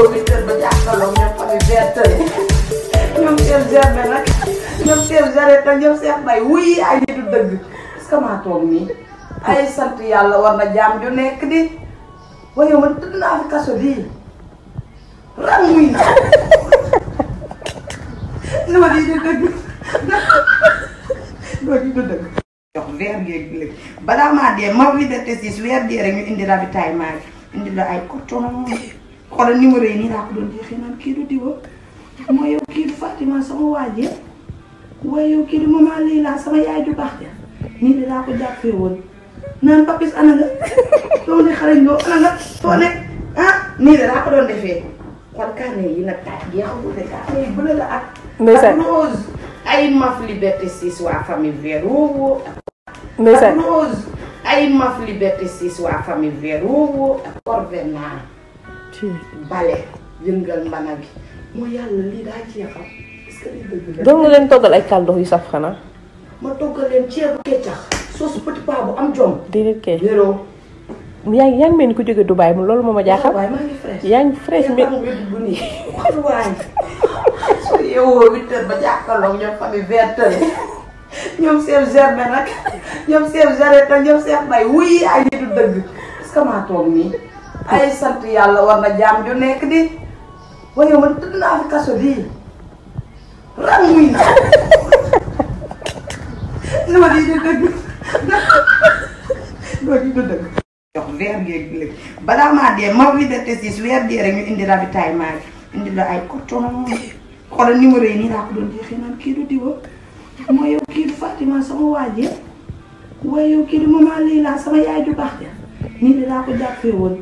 producteur ba jàkkaarloo ñoom Fatou Seye tey ñoom Cheikh Germain nag ñoom Cheikh Germain te ñoom Cheikh Mbaye wuy ay nitu dëgg parce que maa toog nii ay sant yàlla war na jaam ju nekk di waaye man tëdd naa fi kaso bii ranguy na loolu yi du dëgg loolu yi du dëgg jox weer ngeen léegi balaa maa dee ma vidéo te siis weer dee rek ñu indi ravitaillement bi indi la ay coton xoolal numéro yi nii laa ko doon jeexee naan kii du diwa mooy yow kii du Fatima sama waajee waaye yow kii du maman lii sama yaay ju baax ja nii de laa ko jàppee woon naan papis ana nga soo ne xarañ ah, nii de laa ko doon defee kon kaane yi nag jeexagul de kaane yi bële la ak. ak rose famille vert ak rose ay maf liberté 6 waa famille vert ak corvenant. bale yëngal mbana bi mooy yàlla lii nga leen toggal ay kaldox yu saf xanaa. ma toggal leen ceebu keccax soosu petit pas bu am jom. di kay yoroo. yaa ngi yaa ngi mel ni ku jóge Dubaay mu loolu moo ma jaaxal. waaw maa yaa ngi fraîche mais. su yeewoo ba jàkkaarloog ñoom famille vertale ñoom chef germain nag ñoom chef germain ñoom chef mbay wuy ay nitu dëgg est maa toog nii. ay sant yalla warna jam ju nek di waaye man tëdd na fi kaso lii ranguy na no di du dëgg no di du dëgg yo weer ngeen léegi balaa maa dee ma liberté six wer di rek ñu indi ravitaillement bi indi la ay coton xoolal numéro yi ni la ko don di naan ki du diwa mooy yow ki Fatima sama waji wayo ki kii du maman sama yaay ju bax ya. ni la ko jàppee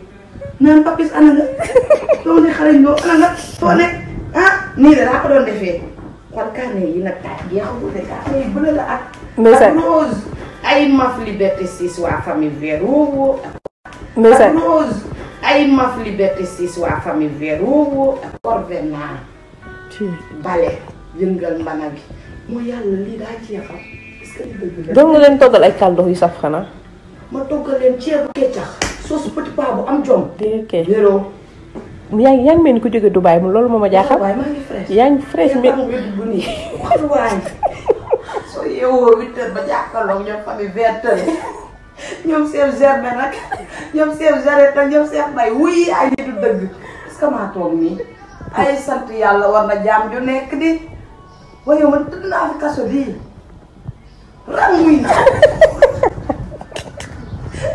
naan papis ana nga soo ne xarañ loo ana nga soo ne ah nii de laa ko doon defee yi nag jeexagul de carnet yi rose ay maf liberté 6 waa famille vert ak rose ay bale yëngal mbana bi moo yàlla lii daa jeexal est leen toggal ay kàll yu saf xanaa. ma toggal leen ceebu keccax. soosu petit pas bu am jom. ok yoroo. yaa ngi yaa ngi mel ku jóge Dubaay mu loolu moom ma jaaxal. waaw maa ngi fraîche yaa ngi fraîche mais. soo yeewoo huit heures ba jàkkaarloog ñoom famille vingt ñoom seen germain nag ñoom seen jarret ak ñoom seen mbay wuy ay nitu dëgg est maa toog nii. ay sant yàlla war na jaam ju nekk di waaye man tëdd naa kaso bii rang muy na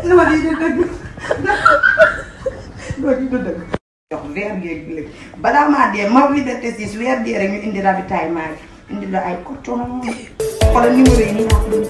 loolu yi loolu du dëgg. jox weer ngeen léegi balaa maa dee ma Liberté 6 weer dee rek ñu indi ravitaillement bi indi la ay coton xoolal numéro yi nii